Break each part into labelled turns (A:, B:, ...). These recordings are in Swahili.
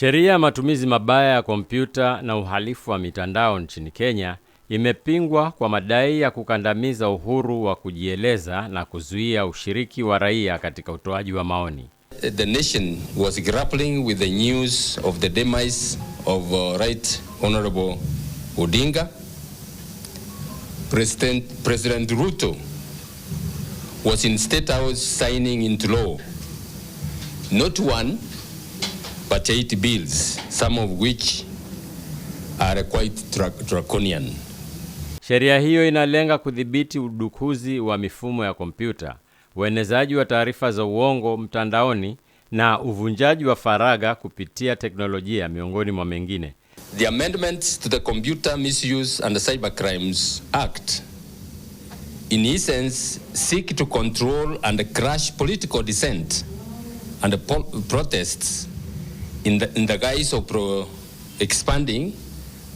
A: Sheria ya matumizi mabaya ya kompyuta na uhalifu wa mitandao nchini Kenya imepingwa kwa madai ya kukandamiza uhuru wa kujieleza na kuzuia ushiriki wa raia katika utoaji wa maoni.
B: The nation was grappling with the news of the demise of uh, Right Honorable Odinga. President, President Ruto was in State House signing into law not one purchased bills, some of which are quite dra draconian.
A: Sheria hiyo inalenga kudhibiti udukuzi wa mifumo ya kompyuta, uenezaji wa taarifa za uongo mtandaoni na uvunjaji wa faragha kupitia teknolojia miongoni mwa mengine.
B: The amendments to the Computer Misuse and Cyber Crimes Act in essence seek to control and crush political dissent and protests in the, in the guise of pro expanding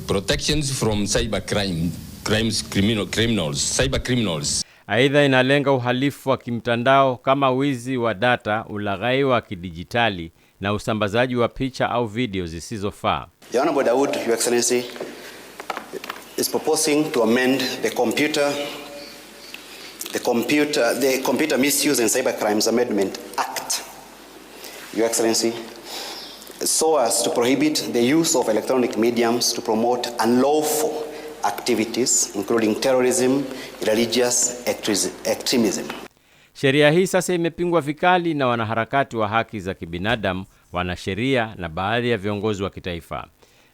B: protections from cyber crime, crimes criminal, criminals, cyber criminals.
A: Aidha, inalenga uhalifu wa kimtandao kama wizi wa data, ulaghai wa kidijitali na usambazaji wa picha au video zisizofaa.
C: The Honorable Daud, Your Excellency, is proposing to amend the computer the computer the Computer Misuse and Cyber Crimes Amendment Act. Your Excellency so as to prohibit the use of electronic mediums to promote unlawful activities including terrorism, religious extremism.
A: Sheria hii sasa imepingwa vikali na wanaharakati wa haki za kibinadamu, wanasheria na baadhi ya viongozi wa kitaifa.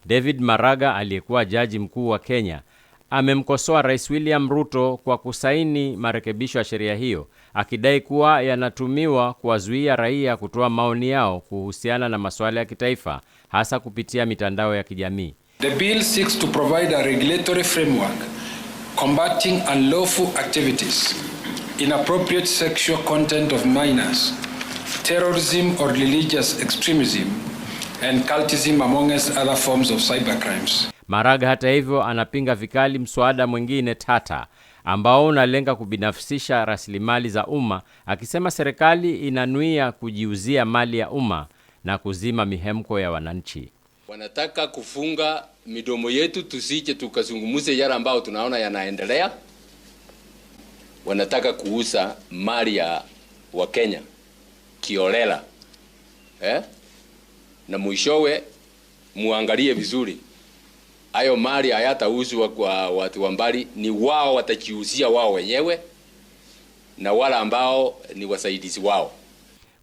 A: David Maraga aliyekuwa jaji mkuu wa Kenya amemkosoa Rais William Ruto kwa kusaini marekebisho ya sheria hiyo, akidai kuwa yanatumiwa kuwazuia raia kutoa maoni yao kuhusiana na masuala ya kitaifa, hasa kupitia mitandao ya kijamii.
B: The bill seeks to provide a regulatory framework combating unlawful activities, inappropriate sexual content of minors, terrorism or religious extremism and cultism among other forms of cybercrimes.
A: Maraga hata hivyo anapinga vikali mswada mwingine tata ambao unalenga kubinafsisha rasilimali za umma, akisema serikali inanuia kujiuzia mali ya umma na kuzima mihemko ya wananchi.
D: Wanataka kufunga midomo yetu tusije tukazungumuze yale ambayo tunaona yanaendelea. Wanataka kuuza mali ya Wakenya kiolela eh? Na mwishowe muangalie vizuri hayo mali hayatauzwa kwa watu wa mbali, ni wao watajiuzia wao wenyewe na wala ambao ni wasaidizi wao.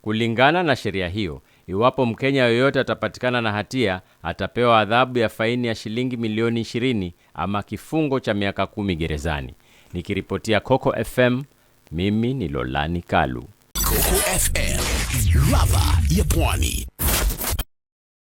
A: Kulingana na sheria hiyo, iwapo Mkenya yoyote atapatikana na hatia atapewa adhabu ya faini ya shilingi milioni 20 ama kifungo cha miaka kumi gerezani. Nikiripotia Coco FM, mimi ni Lolani Kalu, Coco FM, ladha ya Pwani.